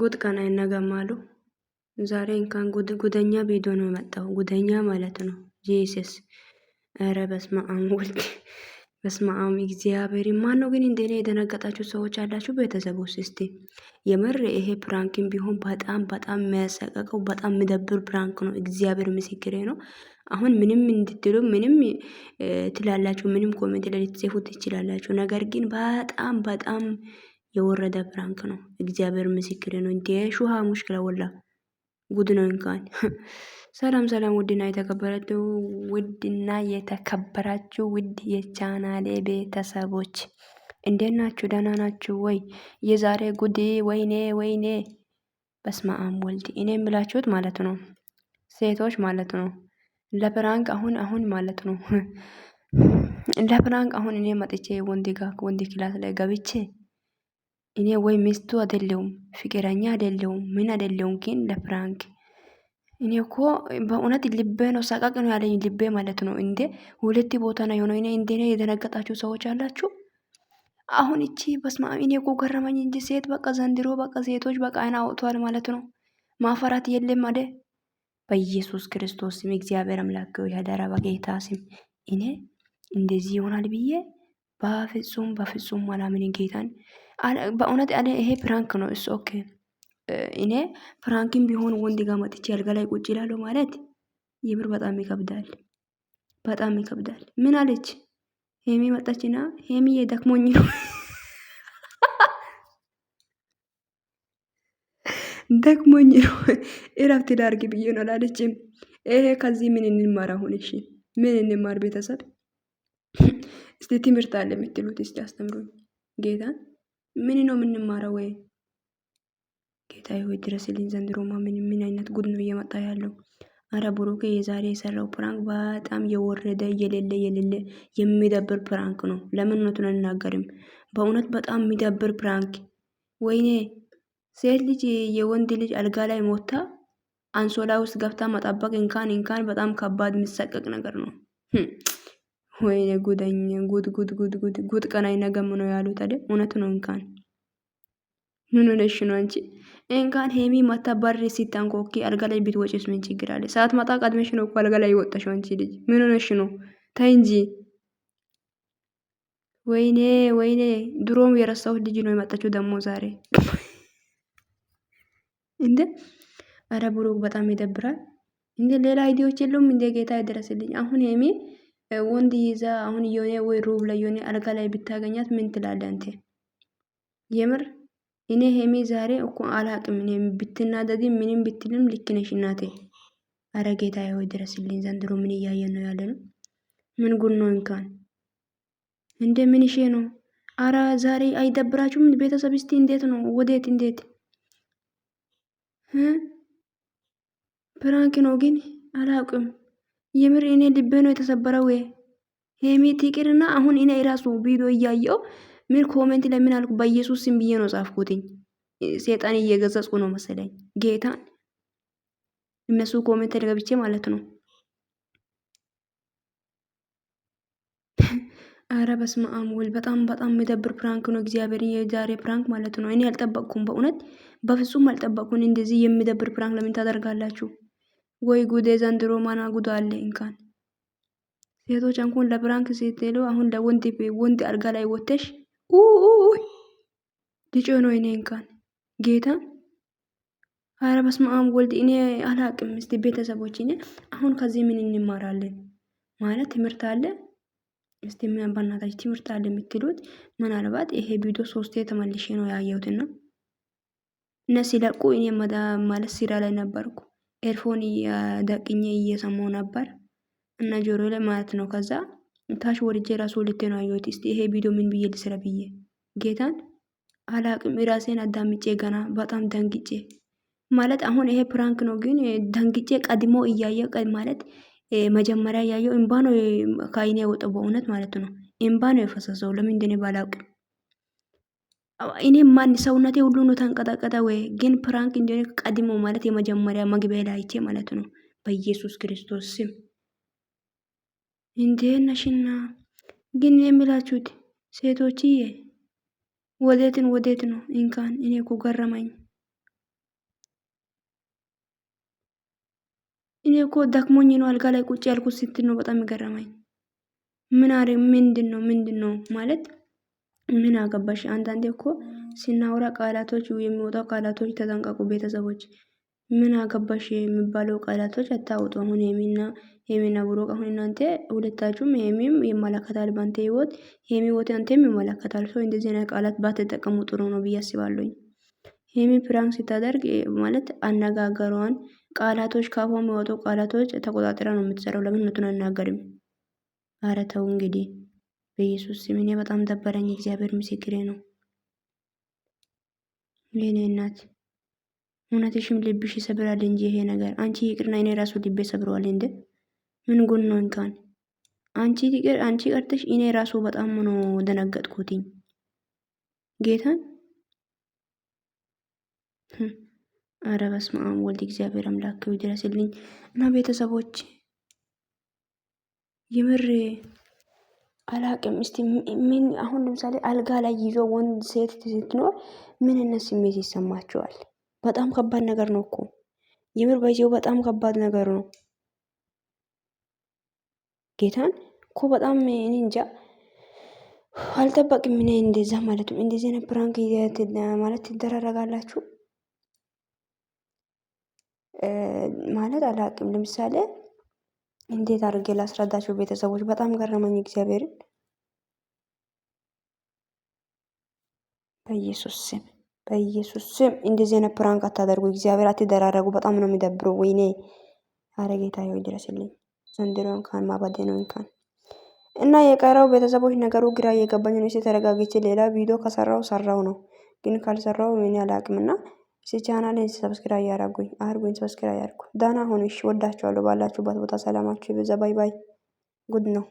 ጉድ ቀና ይነገማሉ። ዛሬ እንኳን ጉደኛ ቪዲዮ ነው የመጣው። ጉደኛ ማለት ነው ጂሰስ። ኧረ በስመ አብ ወልድ በስመ አብ እግዚአብሔር። ማን ነው ግን እንደኔ የደነገጣችሁ ሰዎች አላችሁ? ቤተሰቦች እስቲ የምር ይሄ ፕራንክን ቢሆን በጣም በጣም የሚያሰቀቀው በጣም የሚደብር ፕራንክ ነው። እግዚአብሔር ምስክሬ ነው። አሁን ምንም እንድትሉ ምንም ትላላችሁ፣ ምንም ኮሜንት ላይ ልትጽፉት ትችላላችሁ። ነገር ግን በጣም በጣም የወረደ ፕራንክ ነው። እግዚአብሔር ምስክር ነው። እንዲ ሹሃ ሙሽክለ ወላ ጉድ ነው እንኳን። ሰላም ሰላም፣ ውድና የተከበራችሁ ውድና የተከበራችሁ ውድ የቻናሌ ቤተሰቦች እንዴት ናችሁ? ደህና ናችሁ ወይ? የዛሬ ጉድ ወይኔ ወይኔ፣ በስመ አብ ወልድ። እኔ የምላችሁት ማለት ነው ሴቶች ማለት ነው ለፕራንክ አሁን አሁን ማለት ነው ለፕራንክ አሁን እኔ መጥቼ ወንድ ጋ ወንድ ክላስ ላይ ገብቼ እኔ ወይ ሚስቱ አይደለሁም፣ ፍቅረኛ አይደለሁም፣ ምን አይደለሁም። ግን ለፍራንክ እኔ እኮ በእውነት ልቤ ነው ሳቃቅ ነው ያለኝ ልቤ ማለት ነው። እንዴ ሁለት ቦታ ነው የሆነው። እኔ እንዴ የደነገጣችሁ ሰዎች አላችሁ። አሁን እቺ በስማ እኔ እኮ ገረመኝ እንጂ ሴት በቃ ዘንድሮ በቃ ሴቶች በቃ አይና አውጥቷል ማለት ነው። ማፈራት የለም አደ በኢየሱስ ክርስቶስ ስም እግዚአብሔር አምላክ ሆይ በጌታ ስም እኔ እንደዚህ ይሆናል ብዬ በፍጹም በፍጹም አላምንም ጌታን። በእውነት ይሄ ፕራንክ ነው። እሱ ኦኬ እኔ ፕራንክም ቢሆን ወንድ ጋር መጥቼ አልጋ ላይ ቁጭ ይላሉ ማለት የምር በጣም ይከብዳል። በጣም ይከብዳል። ምን አለች ሄሚ መጣችና ሄሚ የደክሞኝ ነው ደክሞኝ ነው እረፍት ላርግ ብዬ ነው አላለችም። ይሄ ከዚህ ምን እንማር አሁን? እሺ ምን እንማር ቤተሰብ እስቲ ትምህርት አለ የምትሉት እስቲ አስተምሩኝ። ጌታ ምን ነው የምንማረው? ወይ ጌታ ሆይ ድረስልኝ። ዘንድሮማ ምን ምን አይነት ጉድ ነው እየመጣ ያለው? አረ ብሩኬ የዛሬ የሰራው ፕራንክ በጣም የወረደ የሌለ የሌለ የሚደብር ፕራንክ ነው። ለምን ነው አንናገርም? በእውነት በጣም የሚደብር ፕራንክ። ወይኔ ሴት ልጅ የወንድ ልጅ አልጋ ላይ ሞታ አንሶላ ውስጥ ገብታ መጠበቅ እንካን እንካን በጣም ከባድ የሚሰቀቅ ነገር ነው። ወይኔ ጉደኝ ጉድ ጉድ ጉድ ጉድ ጉድ ቀናይ ነገም ነው ያሉት አይደል? እውነት ነው። እንካን ምን ሆነሽ ነው አንቺ? እንካን ሄሚ ማታ በር ሲታንኳኩ አልጋ ላይ ብትወጪስ ምን ችግር አለ? ሰዓት ማታ ቀድመሽ ነው እኮ አልጋ ላይ ወጣሽ። አንቺ ልጅ ምን ሆነሽ ነው? ታይ እንጂ። ወይኔ ወይኔ፣ ድሮም የረሳሁት ልጅ ነው የመጣችው ደግሞ ዛሬ እንዴ! አረ ብሩክ በጣም ይደብራል እንዴ! ሌላ አይዲዎች የለውም እንዴ? ጌታ ይደረስልኝ አሁን ሄሚ ወንድ ይዛ አሁን የሆነ ወይ ሩብ ላይ የሆነ አልጋ ላይ ብታገኛት ምን ትላለህ አንተ? የምር እኔ ሄሜ ዛሬ እኮ አላቅም። እኔ ብትናደድ ምንም ብትልም ልክ ነሽ እናቴ። አረ ጌታ ሆይ ድረስልኝ። ዘንድሮ ምን እያየ ነው ያለ ነው? ምን ጉድ ነው? እንኳን እንደ ምን ሼ ነው? አረ ዛሬ አይደብራችሁም? ቤተሰብ እስቲ እንዴት ነው? ወዴት እንዴት ፕራንክ ነው ግን አላቅም የምር እኔ ልቤ ነው የተሰበረው። ሄሚ ትቅርና አሁን እኔ የራሱ ቪዲዮ እያየው ምን ኮሜንት ለምን አልኩ በኢየሱስ ስም ብዬ ነው ጻፍኩትኝ። ሴጣን እየገዘጽኩ ነው መሰለኝ ጌታን እነሱ ኮሜንት ገብቼ ማለት ነው። አረ በስመ አብ ወል በጣም በጣም የሚደብር ፕራንክ ነው። እግዚአብሔር የዛሬ ፕራንክ ማለት ነው። እኔ አልጠበቅኩም፣ በእውነት በፍጹም አልጠበቅኩም። እንደዚህ የሚደብር ፕራንክ ለምን ታደርጋላችሁ? ወይ ጉዴ! ዘንድሮ ማን አለ እንካን! ሴቶች እንኳን ለብራንክ ስትሉ አሁን ለወንድ ወንድ አልጋ ላይ ወተሽ ልጮ ነው። እኔ እንካን ጌታ አረ በስመ አብ ወልድ እኔ አላቅም። እስቲ ቤተሰቦች እኔ አሁን ከዚህ ምን እንማራለን? ማለት ትምህርት አለ እስቲ ምን ትምህርት አለ የምትሉት ምናልባት ይሄ ቪዲዮ ሶስቴ ተመልሼ ነው ያየሁትና እነ ሲለቁ እኔ ማለት ሲራ ላይ ነበርኩ። ኤርፎን ደቅኜ እየሰማው ነበር እና ጆሮ ላይ ማለት ነው። ከዛ ታች ወርጄ ራሱ ሁለቴ ነው አየሁት። እስቲ ይሄ ቪዲዮ ምን ብዬ ልስራ ብዬ ጌታን አላቅም። ራሴን አዳምጬ ገና በጣም ደንግጬ ማለት አሁን ይሄ ፕራንክ ነው፣ ግን ደንግጬ ቀድሞ እያየው ማለት መጀመሪያ እያየው እንባ ነው ከአይኔ የወጣው። በእውነት ማለት ነው እንባ ነው የፈሰሰው። ለምንድን ባላውቅም እኔ ማን ሰውነቴ ሁሉ ነው ተንቀጠቀጠ ወይ ግን ፕራንክ እንደሆነ ቀድሞ ማለት የመጀመሪያ መግቢያ ላይ ማለት ነው። በኢየሱስ ክርስቶስ ስም እንዴ ነሽና ግን የሚላችሁት ሴቶችዬ ወዴትን ወዴት ነው እንካን እኔ እኮ ገረመኝ። እኔ እኮ ደክሞኝ ነው አልጋ ላይ ቁጭ ያልኩት ስትል ነው በጣም ይገረመኝ። ምን አረ ምንድን ነው ምንድን ነው ማለት ምን አገባሽ? አንዳንዴ እኮ ሲናወራ ቃላቶች የሚወጣው ቃላቶች ተጠንቀቁ ቤተሰቦች። ምን አገባሽ የሚባለው ቃላቶች አታውጡ። አሁን ሄሚና ሄሚና ብሩክ አሁን እናንተ ሁለታችሁም ሄሚም ይመለከታል፣ በአንተ ህይወት ሄሚ ወት አንተም ይመለከታል። ሰው እንደዚህ አይነት ቃላት ባትጠቀሙ ጥሩ ነው ብዬ አስባለሁኝ። ሄሚ ፕራንክ ስታደርግ ማለት አነጋገሯን ቃላቶች ካፎ የሚወጡ ቃላቶች ተቆጣጥራ ነው የምትሰራው። ለምን ነቱን አናገርም? አረተው እንግዲህ በኢየሱስ ስም እኔ በጣም ደበረኝ። እግዚአብሔር ምስክሬ ነው። የኔ እናት እውነትሽም ልብሽ ይሰብራል እንጂ ይሄ ነገር አንቺ ይቅርና እኔ ራሱ ልቤ ሰብረዋል። እንደ ምን ጎን ነው እንኳን አንቺ ይቅር አንቺ ቀርተሽ እኔ ራሱ በጣም ነው ደነገጥኩትኝ። ጌታን አረ በስመ አብ ወልድ እግዚአብሔር አምላክ ድረስልኝ እና ቤተሰቦች የምር አላቅም እስቲ ምን አሁን ለምሳሌ አልጋ ላይ ይዞ ወንድ ሴት ስትኖር ምን ስሜት ይሰማቸዋል? በጣም ከባድ ነገር ነው እኮ የምር በዚው በጣም ከባድ ነገር ነው። ጌታን እኮ በጣም እኔ እንጃ አልጠበቅም። ምን እንደዛ ማለት ነው እንደዚህ አይነት ፕራንክ ማለት ትደረረጋላችሁ ማለት አላቅም ለምሳሌ እንዴት አድርጌ ላስረዳቸው? ቤተሰቦች በጣም ገረመኝ። እግዚአብሔርን በኢየሱስ ስም በኢየሱስ ስም እንደዚህ አይነት ፕራንክ አታደርጉ። እግዚአብሔር አትደራረጉ። በጣም ነው የሚደብረው። ወይኔ አረ ጌታ ሆይ ድረስልኝ። ዘንድሮ እንኳን ማባዴ ነው እንኳን እና የቀረው ቤተሰቦች ነገሩ ግራ እየገባኝ ነው። ተረጋግቼ ሌላ ቪዲዮ ከሰራው ሰራው ነው፣ ግን ካልሰራው ምን አላቅምና ቻናሌን ሰብስክራይብ ያደረጉኝ አርጉኝ ሰብስክራይብ ያደርጉ። ደህና ሁኑ። እሺ፣ ወዳችኋለሁ። ባላችሁበት ቦታ ሰላማችሁ ይብዛ። ባይ ባይ። ጉድ ነው።